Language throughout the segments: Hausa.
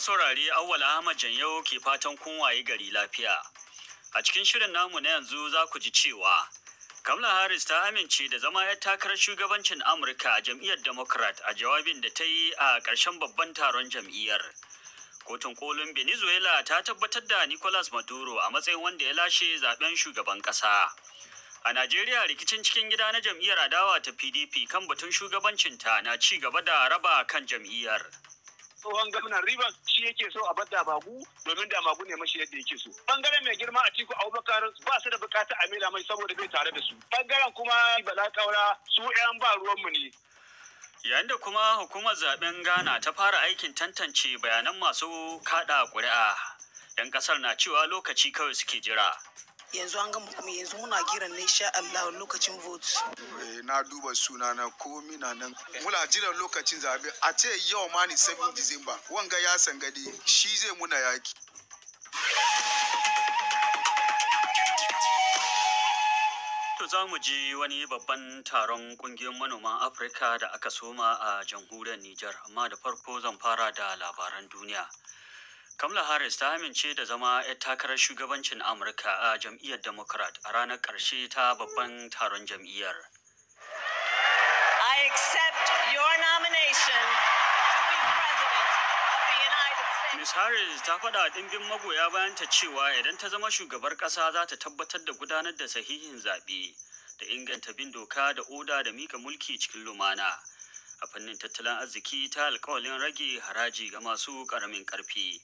saurari Awwal Ahmad Janyau ke fatan kun waye gari lafiya. A cikin shirin namu na yanzu za ku ji cewa Kamala Harris ta amince da zama 'yar takarar shugabancin Amurka a jam'iyyar Democrat a jawabin da ta yi a ƙarshen babban taron jam'iyyar. Kotun kolin Venezuela ta tabbatar da Nicolas Maduro a matsayin wanda ya lashe zaben shugaban ƙasa. A Najeriya rikicin cikin gida na jam'iyyar adawa ta PDP kan batun shugabancinta na ci gaba da raba kan jam'iyyar. tsohon gwamnan rivers shi yake so a bada magu domin da magu ne mashi yadda yake so bangaren mai girma a tiku abubakar ba su da bukata a mila mai saboda bai tare da su bangaren kuma bala kaura su yan ba ruwanmu ne yayin da kuma hukumar zaben ghana ta fara aikin tantance bayanan masu kaɗa kuri'a 'yan ƙasar na cewa lokaci kawai suke jira yanzu an gama kuma yanzu muna kiran ne sha Allah lokacin vote eh, na duba suna na komi na nan muna jiran lokacin zabe a ce yau ma ni 7 December wanga ya san gadi shi zai muna yaki To za mu ji wani babban taron kungiyoyin manoman Afirka da aka soma a jamhuriyar Nijar, amma da farko zan fara da labaran duniya. Kamala Harris ta amince da zama 'yar takarar shugabancin Amurka a jam'iyyar Democrat a ranar ƙarshe ta babban taron jam'iyyar. I accept Ms. Harris ta faɗa ɗimbin magoya bayanta cewa idan ta zama shugabar ƙasa za ta tabbatar da gudanar da sahihin zaɓe da inganta bin doka da oda da mika mulki cikin lumana. A fannin tattalin arziki ta alkawalin rage haraji ga masu ƙaramin ƙarfi.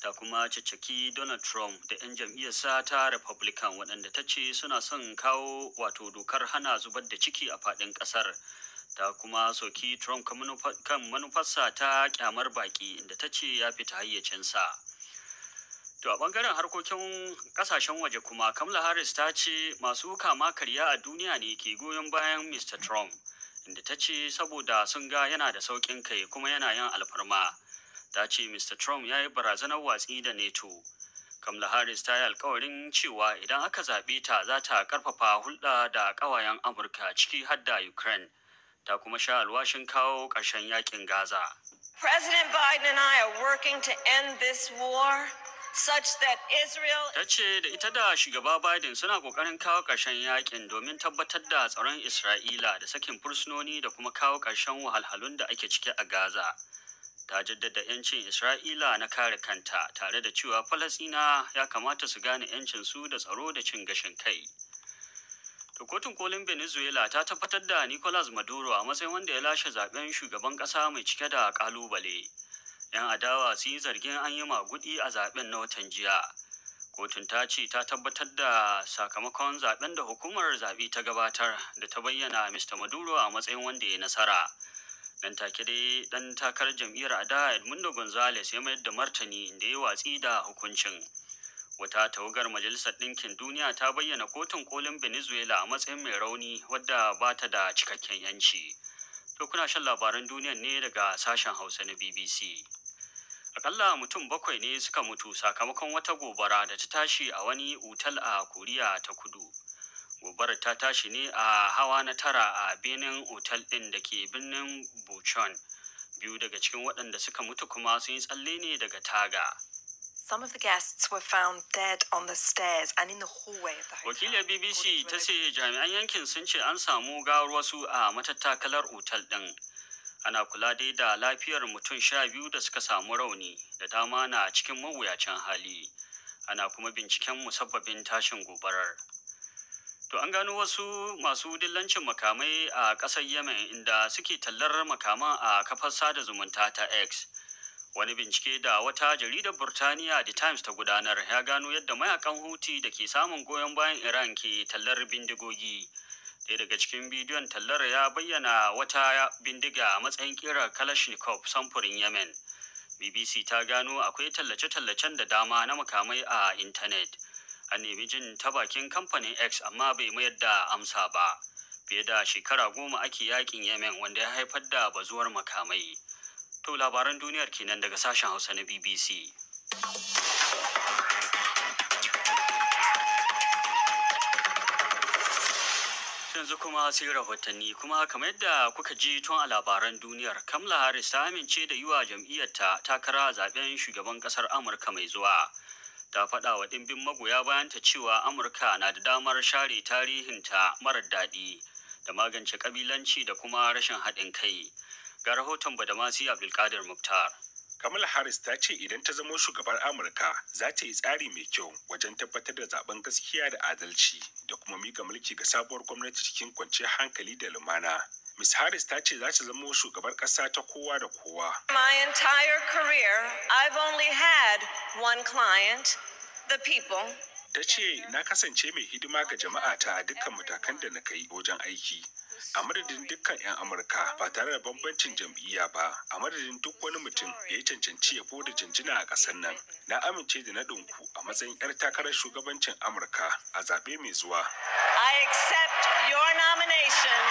ta kuma caccaki Donald Trump da 'yan jam'iyyarsa ta Republican waɗanda ta ce suna son kawo wato dokar hana zubar da ciki a faɗin ƙasar. Ta kuma soki Trump kan manufarsa ta kyamar baƙi inda ta ce ya fita hayyacinsa. To a ɓangaren harkokin ƙasashen waje kuma Kamala Harris ta ce masu kama karya a duniya ne ke goyon bayan Mr. Trump inda ta ce saboda sun ga yana da sauƙin kai kuma yana yin alfarma. ta ce mr trump ya yi barazanar watsi da nato kamala harris ta yi alkawarin cewa idan aka zaɓe ta za ta ƙarfafa hulɗa da ƙawayen amurka ciki har da ukraine ta kuma sha alwashin kawo ƙarshen yakin gaza president biden and i are working to end this war Ta ce da ita da shugaba Biden suna ƙoƙarin kawo ƙarshen yakin domin tabbatar da tsaron Isra'ila da sakin fursunoni da kuma kawo ƙarshen wahalhalun da ake ciki a Gaza. ta jaddada 'yancin Isra'ila na kare kanta tare da cewa Falasina ya kamata su gane 'yancin su da tsaro da cin gashin kai. Da kotun kolin Venezuela ta tabbatar da Nicolas Maduro a matsayin wanda ya lashe zaben shugaban ƙasa mai cike da kalubale 'Yan adawa sun yi zargin an yi magudi a zaben na watan jiya. Kotun ta ce ta tabbatar da sakamakon zaben da hukumar zaɓe ta gabatar da ta bayyana Mr. Maduro a matsayin wanda ya nasara. nan take dai dan takarar jam'iyyar ada edmundo gonzales ya mayar da martani inda ya watsi da hukuncin wata tawagar majalisar ɗinkin duniya ta bayyana kotun kolin venezuela a matsayin mai rauni wadda ba ta da cikakken yanci to kuna shan labaran duniya ne daga sashen hausa na bbc akalla mutum bakwai ne suka mutu sakamakon wata gobara da ta tashi a wani otal a koriya ta kudu gobarar ta tashi ne a hawa na tara a benin otal din da ke birnin buchon biyu daga cikin waɗanda suka mutu kuma sun yi tsalle ne daga taga Some of the guests were found dead on the stairs and in the hallway of the hotel. BBC ta ce jami'an yankin sun ce an samu gawar wasu a matattakalar otal din. Ana kula dai da lafiyar mutum sha biyu da suka samu rauni da dama na cikin mawuyacin hali. Ana kuma binciken musabbabin tashin gobarar. To an gano wasu masu dillancin makamai a ƙasar Yemen inda suke tallar makama a kafar sada zumunta ta X. Wani bincike da wata jaridar Burtaniya The Times ta gudanar ya gano yadda mayakan Houthi da ke samun goyon bayan Iran ke tallar bindigogi. Ɗaya daga cikin bidiyon tallar ya bayyana wata bindiga a matsayin ƙirar Kalashnikov samfurin Yemen. BBC ta gano akwai tallace-tallacen da dama na makamai a intanet. a nemi jin ta bakin kamfanin x amma bai mayar da amsa ba fiye da shekara goma ake yakin yemen wanda ya haifar da bazuwar makamai to labaran duniyar kenan daga sashen hausa na bbc yanzu kuma sai rahotanni kuma kamar yadda kuka ji tun a labaran duniyar kamala harris ta amince da yiwa jam'iyyarta takara zaben shugaban kasar amurka mai zuwa ta faɗa wa ɗimbin magoya bayanta cewa amurka na da damar share tarihinta marar daɗi da magance ƙabilanci da kuma rashin haɗin kai ga rahoton badamasi abdulkadir muktar Kamala Harris ta ce idan ta zamo shugabar Amurka za ta yi tsari mai kyau wajen tabbatar da zaben gaskiya da adalci da kuma mika mulki ga sabuwar gwamnati cikin kwanciyar hankali da lumana. Ms. Harris ta ce za ta zama shugabar ƙasa ta kowa da kowa. My entire career, I've only had one client, the people. Ta ce na kasance mai hidima ga jama'a ta a dukkan matakan da na kai wajen aiki. a madadin dukkan 'yan amurka ba tare da bambancin jam'iyya ba a madadin duk wani mutum da ya cancanci ya da jinjina a ƙasar nan na amince da naɗinku a matsayin 'yar takarar shugabancin amurka a zaɓe mai zuwa i accept your nomination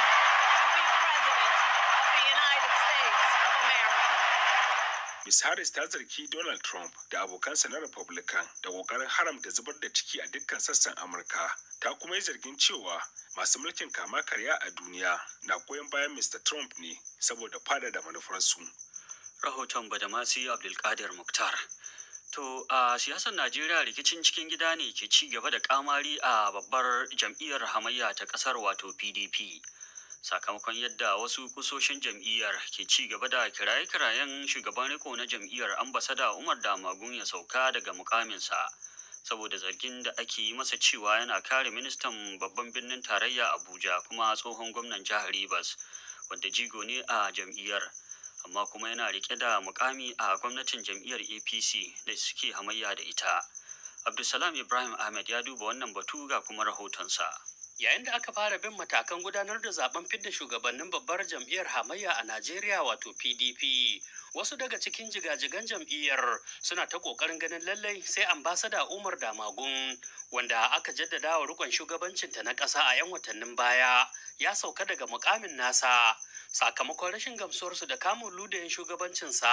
Ms. Harris ta zargi Donald Trump da abokansa na Republican da ƙoƙarin haramta zubar da ciki a dukkan sassan Amurka. Ta kuma yi zargin cewa masu mulkin kama karya a duniya na goyon bayan Mr. Trump ne saboda fada da manufarsu. Rahoton Badamasi Abdulkadir Mukhtar. To a siyasar Najeriya rikicin cikin gida ne ke ci gaba da kamari a babbar jam'iyyar hamayya ta ƙasar wato PDP. sakamakon yadda wasu kusoshin jam'iyyar ke ci gaba da kiraye-kirayen shugaban riko na jam'iyyar ambasada umar damagun ya sauka daga mukaminsa saboda zargin da ake yi masa cewa yana kare ministan babban birnin tarayya abuja kuma tsohon gwamnan jihar rivers wanda jigo ne a jam'iyyar amma kuma yana rike da mukami a gwamnatin jam'iyyar apc da suke hamayya da ita abdulsalam ibrahim ahmed ya duba wannan batu ga kuma rahotonsa yayin da aka fara bin matakan gudanar da zaben fidda shugabannin babbar jam'iyyar hamayya a najeriya wato pdp wasu daga cikin jigajigan jam'iyyar suna ta kokarin ganin lallai sai ambasada umar damagun wanda aka jaddada wa rikon shugabancinta na ƙasa a 'yan watannin baya ya sauka daga mukamin nasa sakamakon rashin gamsuwarsu da kamun ludayin shugabancinsa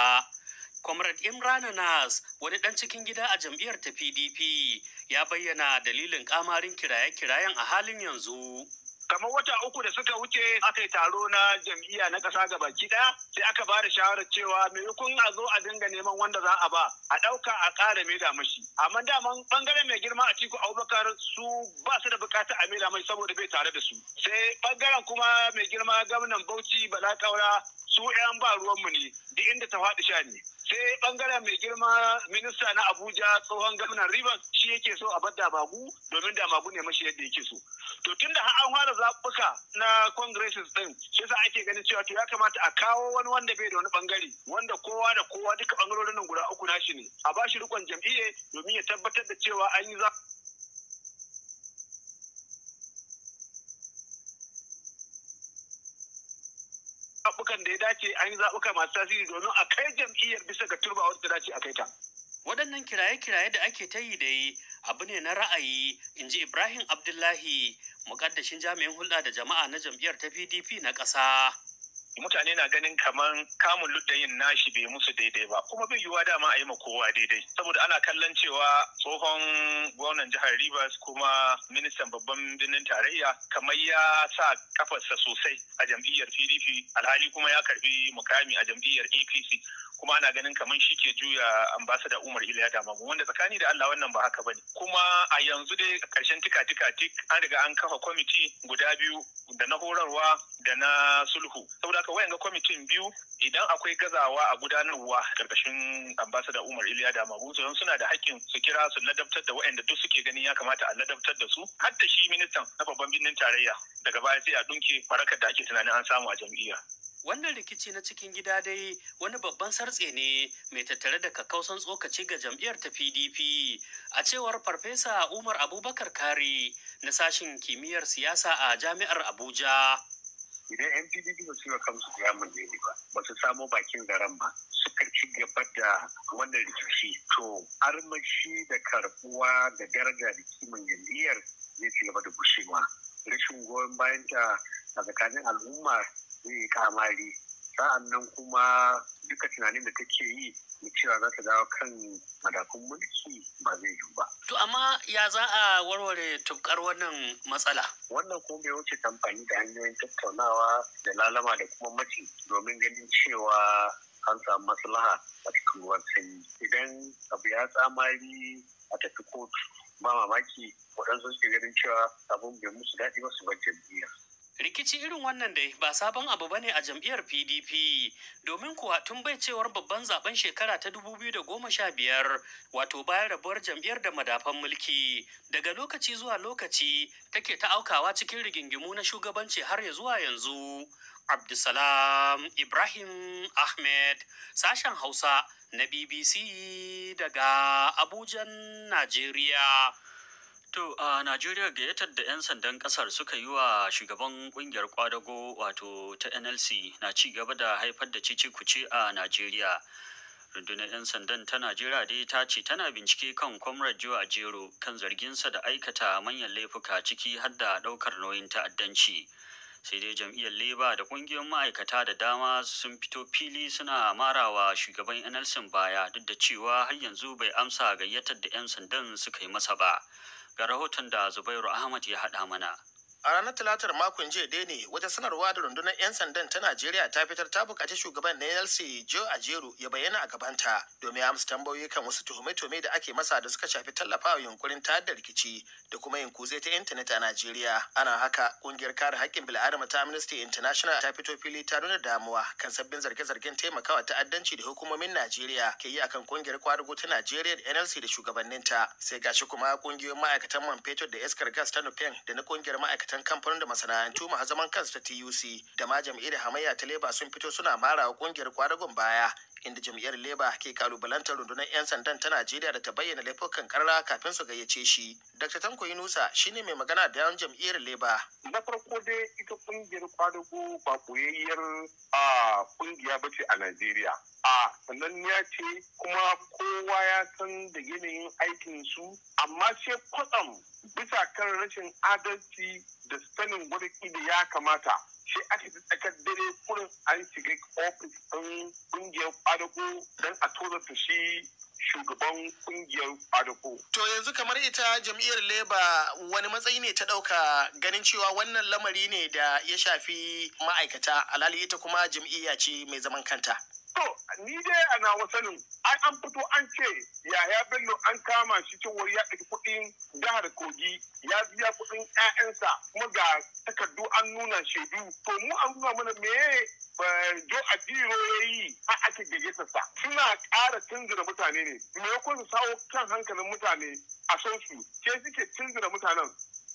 Comrade Imran Nas, wani ɗan cikin gida a jam'iyyar ta PDP, ya bayyana dalilin kamarin kiraye-kirayen a halin yanzu. kamar wata uku da suka wuce aka yi taro na jam'iyya na ƙasa ga baki ɗaya sai aka ba da shawarar cewa maimakon a zo a dinga neman wanda za a ba a ɗauka a ƙara maida mashi amma daman ɓangaren mai girma a cikin abubakar su ba su da buƙatar a da mai saboda bai tare da su sai ɓangaren kuma mai girma gwamnan bauchi bala kaura su yan ba ruwanmu ne duk inda ta faɗi sha ne sai bangaren mai girma minista na abuja tsohon gwamnan rivers shi yake so a bar damagu domin damagu ne mashi yadda yake so to tun da an fara zaɓuka na congresses din shi yasa ake ganin cewa to ya kamata a kawo wani wanda bai da wani ɓangare, wanda kowa da kowa duka bangarorin guda uku nashi ne a bashi rikon jam'iyyar domin ya tabbatar da cewa an yi zaɓukan da ya dace an yi zaɓuka masu tasiri domin a kai jam'iyyar bisa ga turba wadda dace a kai ta. waɗannan kiraye-kiraye da ake ta yi da yi abu ne na ra'ayi in ji ibrahim abdullahi muƙaddashin jami'in hulɗa da jama'a na jam'iyyar ta pdp na ƙasa. mutane na ganin kamar kamun yin nashi bai musu daidai ba kuma bai yiwuwa dama a yi ma kowa daidai saboda ana kallon cewa tsohon gwamnan jihar Rivers kuma ministan babban birnin tarayya kamar ya sa kafarsa sosai a jam'iyyar PDP alhali kuma ya karbi mukami a jam'iyyar APC kuma ana ganin kamar shi ke juya ambasada Umar Iliya Damamu wanda tsakani da Allah wannan ba haka bane kuma a yanzu dai karshen tika tika tik an riga an kafa kwamiti guda biyu da na horarwa da na sulhu saboda haka wayanga kwamitin biyu idan akwai gazawa a gudanarwa karkashin ambasada Umar Iliya Damamu suna da hakkin su kira su ladabtar da wayanda duk suke ganin ya kamata a ladabtar da su har da shi ministan na babban birnin tarayya daga baya sai a dunke barakar da ake tunanin an samu a jam'iyya wannan rikici na cikin gida dai wani babban sartse ne mai tattare da kakausan tsokaci ga jam'iyyar ta pdp a cewar farfesa umar abubakar kari na sashen kimiyyar siyasa a jami'ar abuja idan yan pdp ba su yi kansu da yamma ne ba ba su samo bakin garan ba suka ci gaba da wannan rikici to armashi da karbuwa da daraja da kimin jam'iyyar zai ci gaba da gushewa rashin goyon bayanta a tsakanin al'umma zai yi kamari sa'an kuma duka tunanin da take yi da cewa za ta dawo kan madakun mulki ba zai yiwu ba. To amma ya za a warware tubkar wannan matsala? Wannan kuma bai wuce tamfani da hanyoyin tattaunawa da lalama da kuma mace domin ganin cewa an samu maslaha a cikin ruwan sanyi. Idan abu ya tsamari a tafi kotu ba mamaki waɗansu suke ganin cewa abun bai musu daɗi ba su bar jam'iyyar. rikici irin wannan dai ba sabon abu ba ne a jam'iyyar pdp domin kuwa tun bai cewar babban zaben shekara ta 2015 wato bayan rabuwar jam'iyyar da madafan mulki daga lokaci zuwa lokaci take ta aukawa cikin rigingimu na shugabanci har ya zuwa yanzu abdulsalam ibrahim ahmed sashen hausa na bbc daga abujan najeriya To a Najeriya gayyatar da 'yan sandan kasar suka yi wa shugaban kungiyar kwadago wato ta NLC na ci gaba da haifar da cici kuce a Najeriya. Rundunar 'yan sandan ta Najeriya dai ta ce tana bincike kan Comrade Joe Ajero kan zarginsa da aikata manyan laifuka ciki har da ɗaukar nauyin ta'addanci. Sai dai jam'iyyar Leba da ƙungiyar ma'aikata da dama sun fito fili suna marawa shugaban NLC baya duk da cewa har yanzu bai amsa gayyatar da 'yan sandan suka yi masa ba. ga rahoton da Zubairu Ahmad ya haɗa mana. A ranar Talatar makon jiya dai ne wata sanarwa da rundunar 'yan sandan ta Najeriya ta fitar ta bukaci shugaban na NLC Joe Ajeru ya bayyana a gabanta domin amsa tambayoyi kan wasu tuhume-tuhume da ake masa da suka shafi tallafawa yunkurin tayar da rikici da kuma yin kuzai ta intanet a Najeriya. Ana haka kungiyar kare haƙƙin bil'adama ta Amnesty International ta fito fili ta nuna damuwa kan sabbin zarge-zargen taimakawa ta'addanci da hukumomin Najeriya ke yi akan kungiyar kwadugo ta Najeriya da NLC da shugabanninta. Sai gashi kuma kungiyoyin ma'aikatan man fetur da iskar gas ta Nupen da na kungiyar ma'aikatan ma'aikatan kamfanin da masana'antu ma zaman kansu ta tuc da ma jam'iyyar hamayya ta leba sun fito suna marawa ƙungiyar kungiyar kwadagon baya inda jam'iyyar leba ke kalubalantar rundunar 'yan sandan ta najeriya da ta bayyana laifukan karara kafin su gayyace shi dr tanko yunusa shine mai magana da yawan jam'iyyar leba na farko dai ita kungiyar kwadago ba koyayyar a kungiya ba ce a najeriya a sannan ya ce kuma kowa ya san da yanayin aikin su amma ce kwatsam bisa kan rashin adalci da sanin gudu da ya kamata Shi ake tsakar dare kurin an shiga ofis ɗin ƙungiyar ƙwadago don a ta shi shugaban ƙungiyar ƙwadago. To yanzu kamar ita jam'iyyar Leba wani matsayi ne ta ɗauka ganin cewa wannan lamari ne da ya shafi ma'aikata alhali ita kuma jam'iyya ce mai zaman kanta. To, ni dai a nawa sanin ai an fito an ce yaya Bello an kama shi cewar ya ɗaki kuɗin jihar Kogi ya biya kuɗin 'ya'yansa kuma ga takardu an nuna shaidu. To mu an nuna mana me eh, Jo Adiro ya yi a ake gayyata sa. Suna ƙara tunzura mutane ne. Me ya su sawo kan hankalin mutane a son Ke suke tunzura mutanen.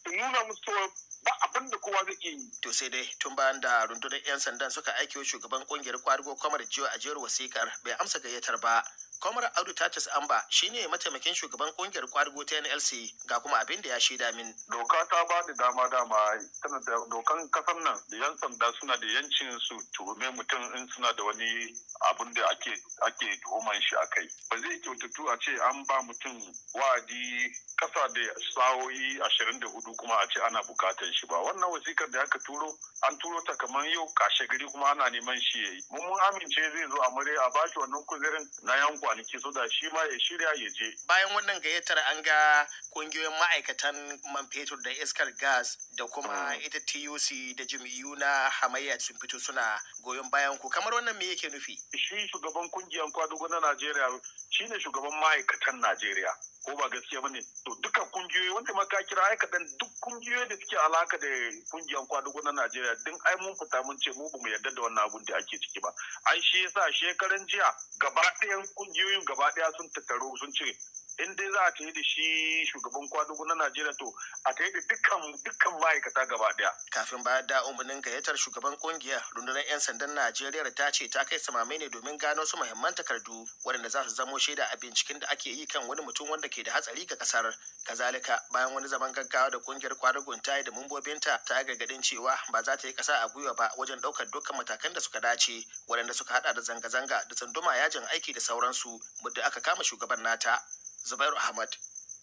Su nuna musu ba abin da kowa zai yi. To sai dai tun bayan da rundunar 'yan sandan suka aiki wa shugaban kungiyar kwarigo kwamar jiyo a jiyar wasikar bai amsa gayyatar ba. Kwamar Audu Tatis Amba ne mataimakin shugaban kungiyar kwarigo ta NLC ga kuma abin da ya shaida min. Doka ta ba da dama dama tana da dokan kasar nan da 'yan sanda suna da yancin su tuhume mutum in suna da wani abin da ake tuhuman shi a kai ba zai kyautatu a ce an ba mutum wa'adi kasa da sa'o'i ashirin da hudu kuma a ce ana bukatar shi ba wannan wasikar da aka turo an turo ta kamar yau kashe gari kuma ana neman shi ya yi mun mun amince zai zo a mure a bashi wannan kuzirin na yan kwanaki so da shi ma ya shirya ya je bayan wannan gayyatar an ga kungiyoyin ma'aikatan man fetur da iskar gas da kuma mm. ita tuc da jami'u na hamayya sun fito suna goyon bayan ku kamar wannan me yake nufi shi shugaban kungiyar kwadugo na Najeriya shine shugaban ma'aikatan Najeriya ko ba gaskiya ne? to dukkan kungiyoyi wanda ma ka kira aika dan duk kungiyoyi da suke alaka da kungiyar kwadugo na Najeriya din ai mun fita mun ce mu bamu yarda da wannan abun da ake ciki ba ai shi yasa shekaran jiya gaba ɗayan kungiyoyin gaba ɗaya sun tattaro sun ce in dai za a ta yi da shi shugaban kwadugu na najeriya to a ta yi da dukkan dukkan ma'aikata gaba daya kafin bayar da umarnin gayyatar shugaban kungiya rundunar 'yan sandan najeriya ta ce ta kai samamai ne domin gano su muhimman takardu waɗanda za su zamo shaida a binciken da ake yi kan wani mutum wanda ke da hatsari ga kasar kazalika bayan wani zaman gaggawa da kungiyar kwadugun ta yi da mambobinta ta yi gargaɗin cewa ba za ta yi ƙasa a gwiwa ba wajen ɗaukar dukkan matakan da suka dace waɗanda suka haɗa da zanga-zanga da tsunduma yajin aiki da sauransu muddin aka kama shugaban nata zubairu ahmad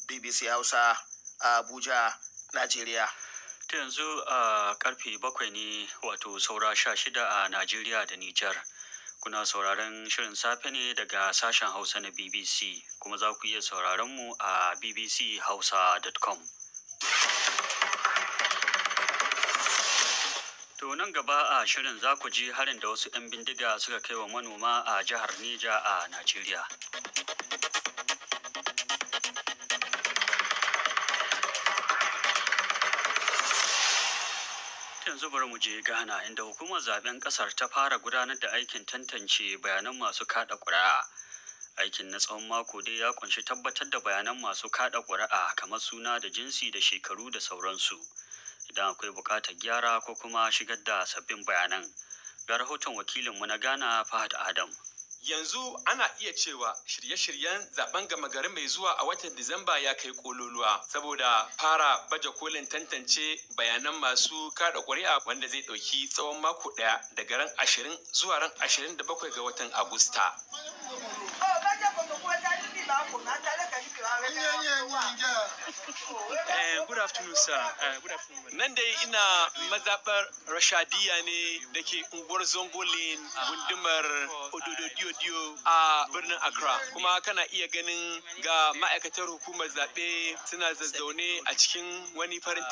bbc hausa abuja najeriya ta yanzu a karfe bakwai ne wato saura sha shida a najeriya da nijar kuna sauraron shirin safe ne daga sashen hausa na bbc kuma za ku iya sauraron mu a bbchausa.com To nan gaba a shirin za ku ji harin da wasu 'yan bindiga suka kai wa manoma a jihar Neja a Najeriya. yanzu zubar mu je Ghana inda hukumar zaben kasar ta fara gudanar da aikin tantance bayanan masu kada ƙuri'a. Aikin na tsawon mako dai ya kunshi tabbatar da bayanan masu kada ƙuri'a kamar suna da jinsi da shekaru da sauransu. Idan akwai buƙatar gyara ko kuma shigar da sabbin bayanan. Ga rahoton wakilinmu na Ghana Fahad Adam. yanzu ana iya cewa shirye-shiryen zaben gama gari mai zuwa a watan Disamba ya kai kololuwa saboda fara baje kolin tantance bayanan masu kada ƙuri'a wanda zai ɗauki tsawon mako ɗaya daga ran 20 zuwa ran 27 ga watan Agusta. Oh, Eh, good afternoon sir eh, good afternoon nan dai ina mazabar rashadiya ne da ke unguwar zongolin gundumar odododiyo a birnin accra kuma kana iya ganin ga ma'aikatar hukumar zaɓe suna zazzaune a cikin wani farin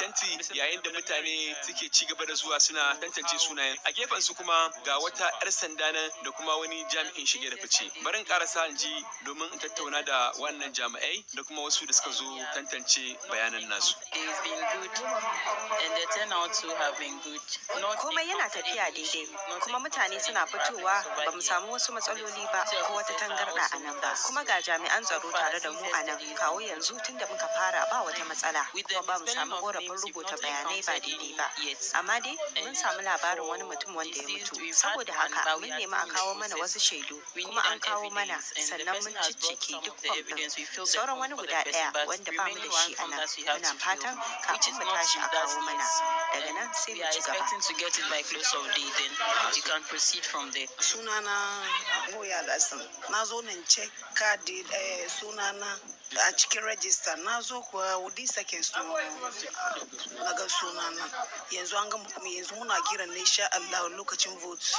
yayin da mutane suke ci gaba da zuwa suna tantance sunayen a gefen su kuma ga wata 'yar sanda na da kuma wani jami'in shige da fice barin sa in ji domin in tattauna da wannan jami'ai da kuma wasu da suka zo tantance bayanan nasu. Komai yana tafiya daidai kuma mutane suna fitowa ba mu samu wasu matsaloli ba ko wata tangarɗa a nan ba kuma ga jami'an tsaro tare da mu a nan kawo yanzu tun da muka fara ba wata matsala kuma ba mu samu korafin rubuta bayanai ba daidai ba amma dai mun samu labarin wani mutum wanda ya mutu saboda haka mun nemi a kawo mana wasu shaidu kuma an kawo mana sannan mun ciccike duk sauran wani guda ɗaya wanda ba mu da shi a nan muna fatan kafin mu tashi a kawo mana daga nan sai mu ci gaba sunana goya lasan na zo nan cek kadi eh, sunana a cikin rajista na zo kuwa wudi seconds na ga suna nan yanzu an ga yanzu muna kiran ne sha Allah lokacin vote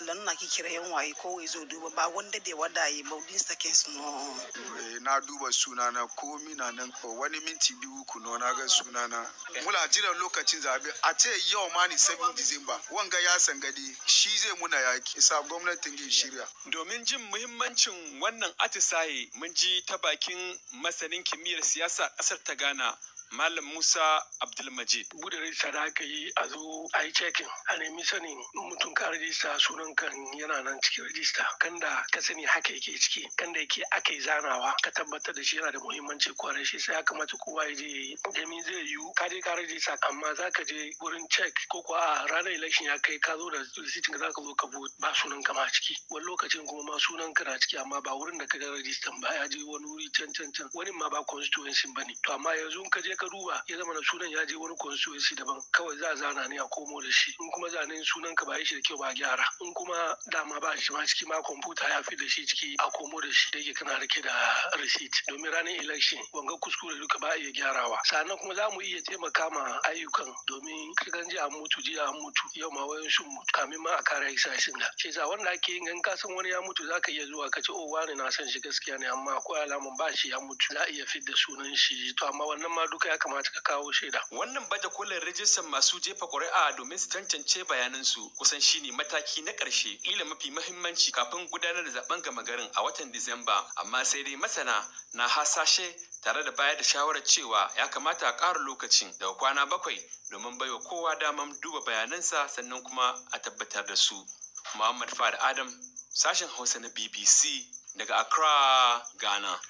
lan na kira yan waye ko zo duba ba wanda da wadaye ba wudi seconds no eh, na duba suna na ko mina nan wani minti biyu ku no na ga suna na mula jiran lokacin zabe a ce yau ma ni 7 December wanga ya san gadi shi zai muna yaki isa gwamnatin shirya domin jin muhimmancin wannan atisaye mun ji ta bakin masanin kimiyyar siyasa ƙasar ta Ghana Malam Musa Abdulmaji. Buɗe rajista da aka yi a zo a yi cekin a nemi sanin mutum ka rajista sunan kan yana nan cikin rajista kan da ka sani haka yake ciki kan da yake aka yi zanawa ka tabbatar da shi yana da muhimmanci kwarai shi sai ya kamata kowa ya je yi zai yiwu ka je ka rajista amma za ka je wurin cek ko kuwa a ranar election ya kai ka zo da risitin ka za ka zo ka ba sunan ka ma ciki wani lokacin kuma ma sunan ka na ciki amma ba wurin da ka ga rajistan ba ya je wani wuri can can can wani ma ba constituency ba ne to amma yanzu ka je ka duba ya zama na sunan ya je wani constituency daban kawai za a zana ne a komo da shi in kuma zanen sunan ka ba shi da kyau ba gyara in kuma dama ba shi ma ciki ma kwamfuta ya fi da shi ciki a komo da shi da yake kana rike da receipt domin ranar election wanga kuskure duka ba iya gyarawa sannan kuma za mu iya taimaka ma ayyukan domin kagan ji an mutu jiya an mutu yau ma wayan shi mutu kamin ma a kare exercise da ke za wanda ake yin in ka san wani ya mutu za ka iya zuwa ka ce oh wani na san shi gaskiya ne amma akwai alamun ba shi ya mutu za a iya fidda sunan shi to amma wannan ma duka ya kamata ka kawo shaida. Wannan baje kolin rijistar masu jefa ƙuri'a domin su tantance bayanansu kusan shine mataki na ƙarshe ƙila mafi mahimmanci kafin gudanar da zaben gama garin a watan Disamba amma sai dai masana na hasashe tare da bayar da shawarar cewa ya kamata a ƙara lokacin daga kwana bakwai domin baiwa kowa damar duba bayanansa sannan kuma a tabbatar da su. Muhammad Fahad Adam, sashen Hausa na BBC daga Accra, Ghana.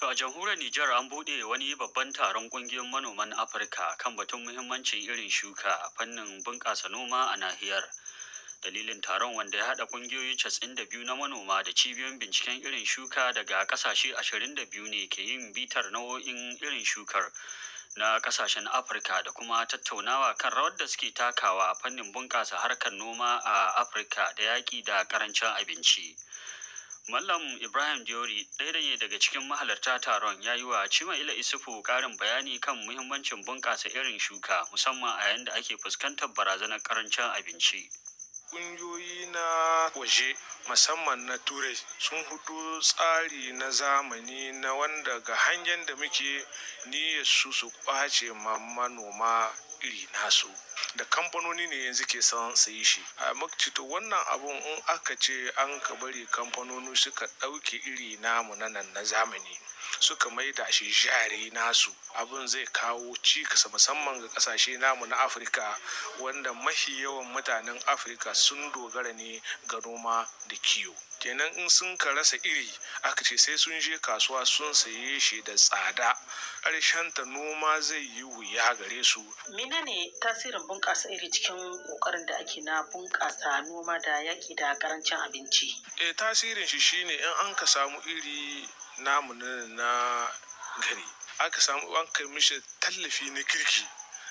To a jamhuriyar Nijar an buɗe wani babban taron ƙungiyoyin manoman Afirka kan batun muhimmancin irin shuka a fannin bunƙasa noma a nahiyar. Dalilin taron wanda ya haɗa ƙungiyoyi casin da biyu na manoma da cibiyoyin binciken irin shuka daga ƙasashe ashirin da biyu ne ke yin bitar nau'o'in irin shukar na ƙasashen Afirka da kuma tattaunawa kan rawar da suke takawa a fannin bunƙasa harkar noma a Afirka da yaƙi da ƙarancin abinci. Mallam Ibrahim Diori ɗaya ne daga cikin mahalarta taron ya yi wa ila Isufu ƙarin bayani kan muhimmancin bunƙasa irin shuka musamman a yayin da ake fuskantar barazanar ƙarancin abinci. Ƙungiyoyi na waje musamman na Turai sun hudu tsari na zamani na wanda ga hanyar da muke niyyar su su kwace ma manoma iri nasu da kamfanoni ne yanzu ke son su yi shi a to wannan abun in aka ce an ka bari kamfanoni suka ɗauke iri namu na nan na zamani suka maida shi jari nasu abin zai kawo cikas musamman ga kasashe namu na afirka wanda mafi yawan mutanen afirka sun dogara ne ga noma da kiwo kenan in sun ka rasa iri aka ce sai sun je kasuwa sun saye shi da tsada ta noma zai yi wuya gare su menene tasirin bunƙasa iri cikin ƙoƙarin da ake na bunƙasa noma da yaƙi da ƙarancin abinci eh tasirin shi shine in an ka samu iri namu na gari aka samu an kai mishi tallafi na kirki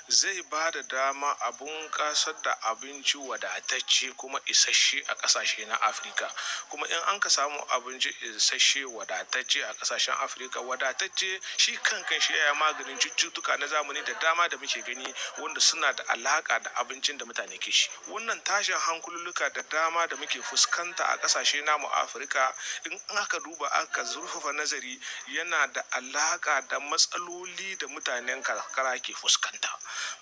zai ba da dama a bunƙasar da abinci wadatacce kuma isasshe a ƙasashe na afirka kuma in an ka samu abinci isasshe wadatacce a ƙasashen afirka wadatacce shi kankan shi ya maganin cututtuka na zamani da dama da muke gani wanda suna da alaƙa da abincin da mutane ke shi wannan tashin hankululuka da dama da muke fuskanta a ƙasashe namu afirka in aka duba aka zurfafa nazari yana da alaƙa da matsaloli da mutanen karkara ke fuskanta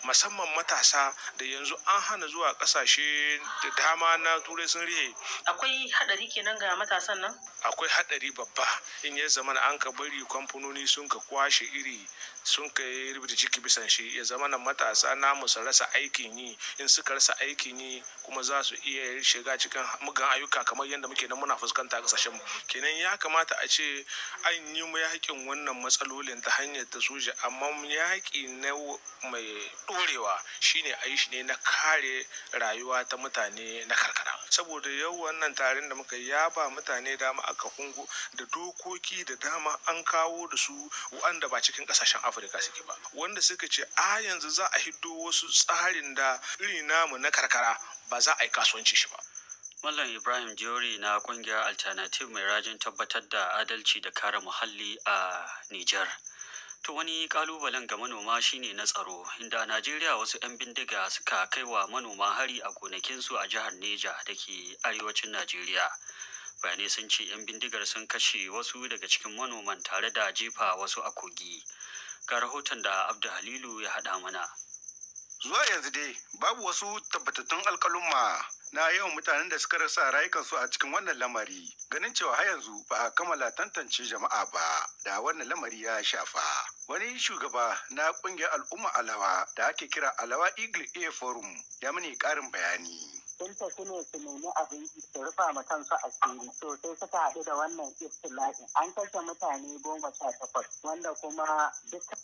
musamman matasa da yanzu an hana zuwa kasashe da dama na turai sun rihe akwai hadari kenan ga matasan nan akwai hadari babba in ya zama an ka bari kamfanoni sun ka kwashe iri sun kai rubuta ciki bisan shi ya zama nan matasa namu su rasa aikin yi in suka rasa aikin yi kuma za su iya shiga cikin mugan ayyuka kamar yadda muke nan muna fuskanta kasashen kenan ya kamata a ce an yi mu yakin wannan matsalolin ta hanyar ta soja amma yaki na mai dorewa shine a yi shi ne na kare rayuwa ta mutane na karkara saboda yau wannan tarin da muka ya ba mutane dama a kungo da dokoki da dama an kawo da su wanda ba cikin kasashen afirka afirka suke ba wanda suka ce a yanzu za a hiddo wasu tsarin da iri namu na karkara ba za a yi kasuwanci shi ba Mallam Ibrahim Jori na kungiyar Alternative mai rajin tabbatar da adalci da kare muhalli a Nijar. To wani kalubalen ga manoma shine na tsaro, inda a Najeriya wasu 'yan bindiga suka kai wa manoma hari a gonakinsu a jihar Neja da ke arewacin Najeriya. Bayanai sun ce 'yan bindigar sun kashe wasu daga cikin manoman tare da jefa wasu a kogi. ga rahoton da abdu halilu ya haɗa mana zuwa yanzu dai babu wasu tabbatattun alkalumma na yawan mutanen da suka rasa rayukansu a cikin wannan lamari ganin cewa har yanzu ba a kammala tantance jama'a ba da wannan lamari ya shafa wani shugaba na kungiyar al'umma alawa da ake kira alawa eagle Air forum ya mini karin bayani sun tafi ne su nemi abinci su rufa ma kansu siri so sai suka haɗu da wannan iftila'in an kashe mutane goma sha takwas wanda kuma dukkan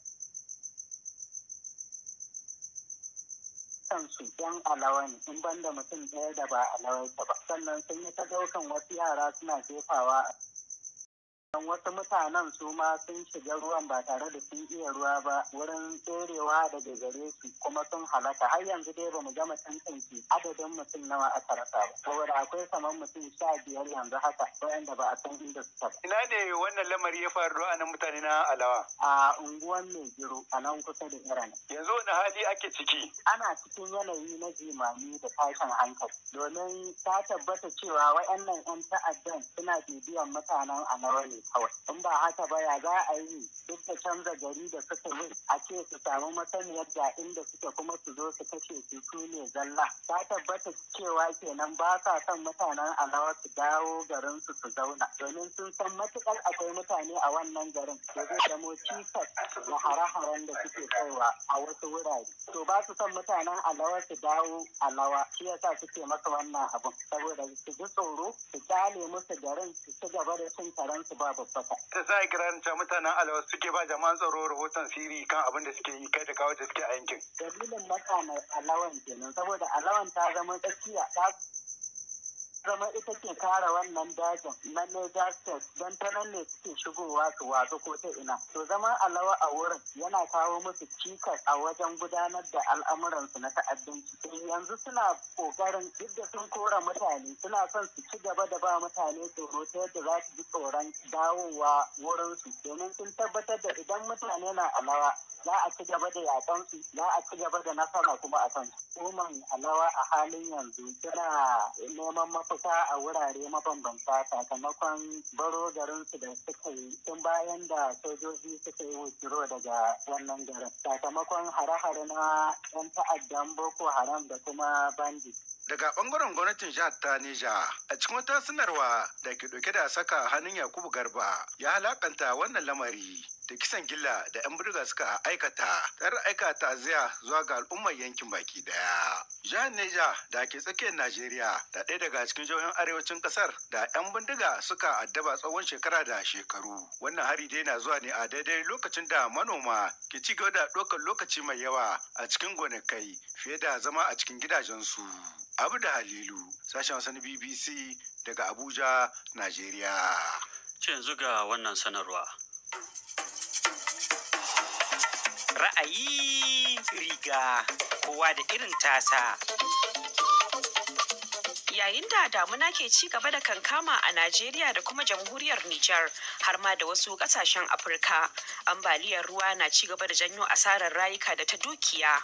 kansu yan alawa ne in banda mutum ɗaya da ba alawai ba sannan sun yi ta ɗaukan wasu yara suna jefawa wasu mutanen su ma sun shiga ruwan ba tare da sun iya ruwa ba wurin tserewa daga gare su kuma sun halaka har yanzu dai bamu gama tantance adadin mutum nawa aka rasa ba saboda akwai saman mutum sha biyar yanzu haka da ba a san inda su suka ina ne wannan lamari ya faru a nan mutane na alawa a unguwan Maigiro a nan kusa da Iran yanzu wani hali ake ciki ana cikin yanayi na jimami da tashin hankali domin ta tabbata cewa wayannan 'yan ta'addan suna bibiyan mutanen Amara ne kawai in ba haka ba ya za a yi duk da canza gari da suka yi a ce su samu masaniyar da inda suke kuma su zo su kashe su su ne zalla ta tabbata cewa kenan ba sa son mutanen alawa su dawo garin su su zauna domin sun san matukar akwai mutane a wannan garin da zai zamo cikas da hare-haren da suke kaiwa a wasu wurare to ba su son mutanen alawa su dawo alawa shi yasa suke masa wannan abun saboda su ji tsoro su kyale musu garin su ci gaba da cin karensu ba ƙara Ta sa ikirarin cewa mutanen Alawar suke ba jama'an tsaro rahoton siri kan abin da suke yi kai da kawo da suke a yankin. Dalilin matsa alawan kenan saboda alawan ta zama tsakiya ta zama ita ke kare wannan dajin na Niger don ta nan ne suke shigowa su watsu ko ta ina. To zama alawa a wurin yana kawo musu cikas a wajen gudanar da al'amuransu na ta'addanci. Yanzu suna kokarin duk da sun kora mutane suna son su ci gaba da ba mutane tsoro ta yadda za su ji tsoron dawowa wurinsu domin sun tabbatar da idan mutane na alawa za a ci gaba da yakan su za a ci gaba da nasara kuma a kan umar alawa a halin yanzu suna neman mafita a wurare mabambanta sakamakon baro garin su da suka yi tun bayan da sojoji suka yi wujiro daga wannan garin sakamakon hare-hare na yan ta'addan boko haram da kuma bandit daga bangaren gwamnatin jihar ta Nija a cikin wata sanarwa da ke dauke da saka hannun Yakubu Garba ya halakanta wannan lamari da kisan gilla da 'yan burga suka aikata tare aikata ta'aziyya zuwa ga al'ummar yankin baki daya. Jihar Neja da ke tsakiyar Najeriya da ɗaya daga cikin jihohin arewacin ƙasar da 'yan bindiga suka addaba tsawon shekara da shekaru. Wannan hari dai na zuwa ne a daidai lokacin da manoma ke ci gaba da ɗaukar lokaci mai yawa a cikin gonakai fiye da zama a cikin gidajensu. Abu da Halilu, sashen wasan BBC daga Abuja, Najeriya. yanzu ga wannan sanarwa. ra'ayi riga kowa da irin tasa yayin da damuna ke ci gaba da kankama a Najeriya da kuma jamhuriyar Nijar har ma da wasu kasashen Afirka ambaliyar ruwa na ci gaba da janyo asarar rayuka da ta dukiya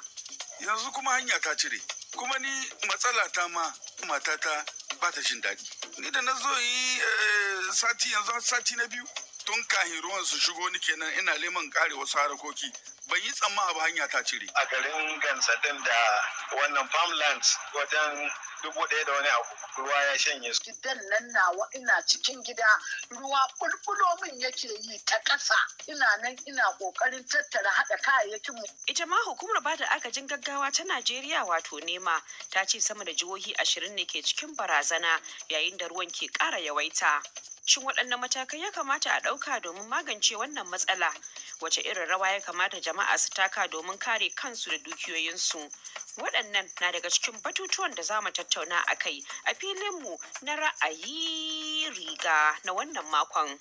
yanzu kuma hanya ta cire kuma ni matsala ta ma matata ba ta jin daɗi ni da na zo yi eh, sati yanzu sati na biyu tun kahin ruwan su shigo ni kenan ina neman kare wasu harakoki ban yi tsamma abu hanya ta cire a garin gansa da wannan farmlands wajen dubu ɗaya da wani abu ruwa ya shanye su gidan nan nawa ina cikin gida ruwa bulbulo min yake yi ta ƙasa ina nan ina ƙoƙarin tattara haɗa kayayyakin mu ita ma hukumar ba da agajin gaggawa ta Najeriya wato nema ta ce sama da jihohi ashirin ne ke cikin barazana yayin da ruwan ke ƙara yawaita Shin waɗannan matakai ya kamata a ɗauka domin magance wannan matsala? Wace irin rawa ya kamata jama'a su taka domin kare kansu da dukiyoyinsu? Waɗannan na daga cikin batutuwan da za mu tattauna a kai a filinmu na ra'ayi riga na wannan makon.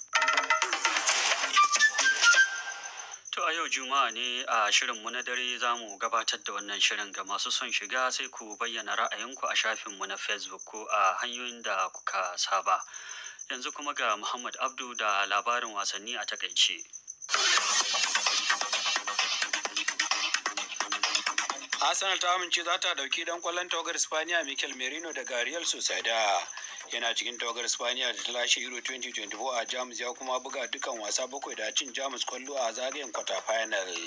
To a yau Juma'a ne a shirin mu na dare za mu gabatar da wannan shirin ga masu son shiga sai ku bayyana ra'ayinku a shafinmu na Facebook ko a hanyoyin da kuka saba. yanzu kuma ga Muhammad Abdu da labarin wasanni a takaice. Arsenal ta amince za ta dauki dan kwallon tawagar Spaniya Mikel Merino daga Real Sociedad yana cikin tawagar spaniya da ta lashe euro 2024 a jamus ya kuma buga dukkan wasa bakwai da cin jamus kwallo a zagayen kwata final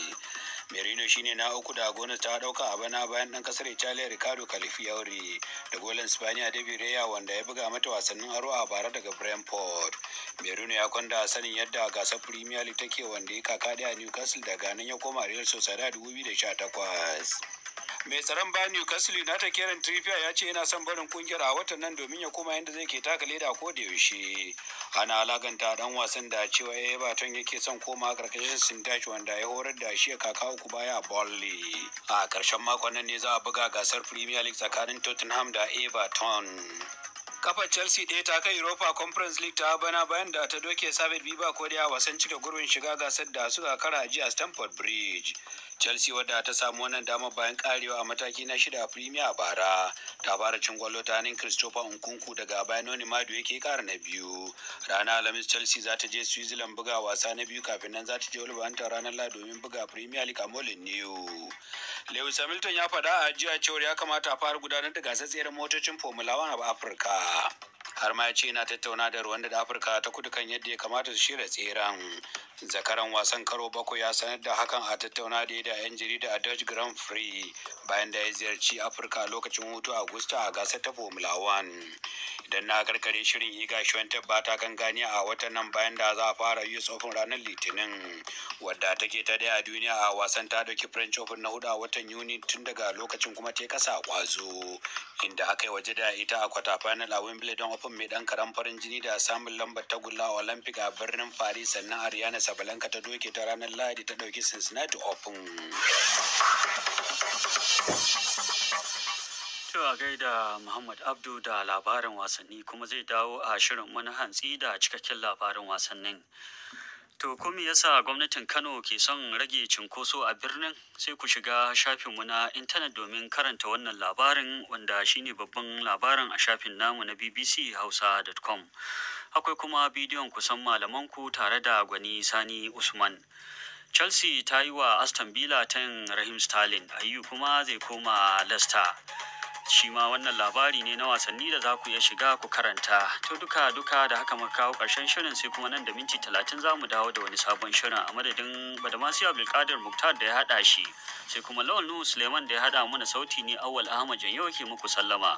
merino shine na uku da gonar ta dauka a bana bayan dan kasar italiya ricardo califiori da golan spaniya david wanda ya buga mata wasannin aro a bara daga brentford merino ya kwanda sanin yadda gasar premier league take wanda ya kaka a newcastle daga nan ya koma real sociedad 2018 mai tsaron bayan newcastle united karen trippier ya ce yana son barin kungiyar a watan nan domin ya koma yadda zai ke taka leda ko da yaushe ana alaganta dan wasan da cewa ya ba ton yake son koma karkashin sindash wanda ya horar da shi ya kaka uku baya a bolle a karshen makon nan ne za a buga gasar premier league tsakanin tottenham da everton kafa chelsea ɗaya ta kai europa conference league ta bana bayan da ta doke sabit biba ko da wasan cika gurbin shiga gasar da suka kara a jiya stamford bridge chelsea wadda ta samu wannan damar bayan karewa a mataki na shida a premier a bara ta fara cin gwallo ta hannun christopher nkunku daga bayanoni madu yake kara na biyu rana alhamis chelsea za ta je switzerland buga wasa na biyu kafin nan za ta je wulbanta ranar la domin buga premier league a molin new lewis hamilton ya faɗa a jiya cewar ya kamata a fara gudanar da gasar tseren motocin formula 1 a afirka har ma ya ce yana tattauna da ruwan da afirka ta kudu kan yadda ya kamata su shirya tseren zakaran wasan karo bakwai ya sanar da hakan a tattauna da da 'yan jarida a dutch grand prix bayan da ya ziyarci afirka lokacin hutu agusta a gasar ta formula 1 idan na karkare shirin iga shwantar ba ta kan gani a watan nan bayan da za a fara us open ranar litinin wadda take ta daya a duniya a wasan ta dauki french open na hudu a watan yuni tun daga lokacin kuma ta kasa kwazo inda aka yi waje da ita a kwata final a wimbledon open mai dan karan farin jini da samun lambar tagulla a olympic a birnin paris sannan ariana sabalanka ta doke ta ranar lahadi ta ɗauki cincinnati open To a gaida Muhammad Abdu da labarin wasanni kuma zai dawo a shirin wani hantsi da cikakken labarin wasannin. To kuma yasa gwamnatin Kano ke son rage cinkoso a birnin sai ku shiga shafinmu na intanet domin karanta wannan labarin wanda shine babban labarin a shafin namu na bbc bbchausa.com. akwai kuma bidiyon kusan malamanku tare da gwani sani usman chelsea ta yi wa aston villa yin rahim sterling ayu kuma zai koma leicester shi ma wannan labari ne na wasanni da za ku iya shiga ku karanta to duka duka da haka muka kawo karshen shirin sai kuma nan da minti talatin za mu dawo da wani sabon shirin a madadin badamasi abdulkadir muktar da ya haɗa shi sai kuma lawan nuhu suleiman da ya haɗa mana sauti ne awal ahmad yau ke muku sallama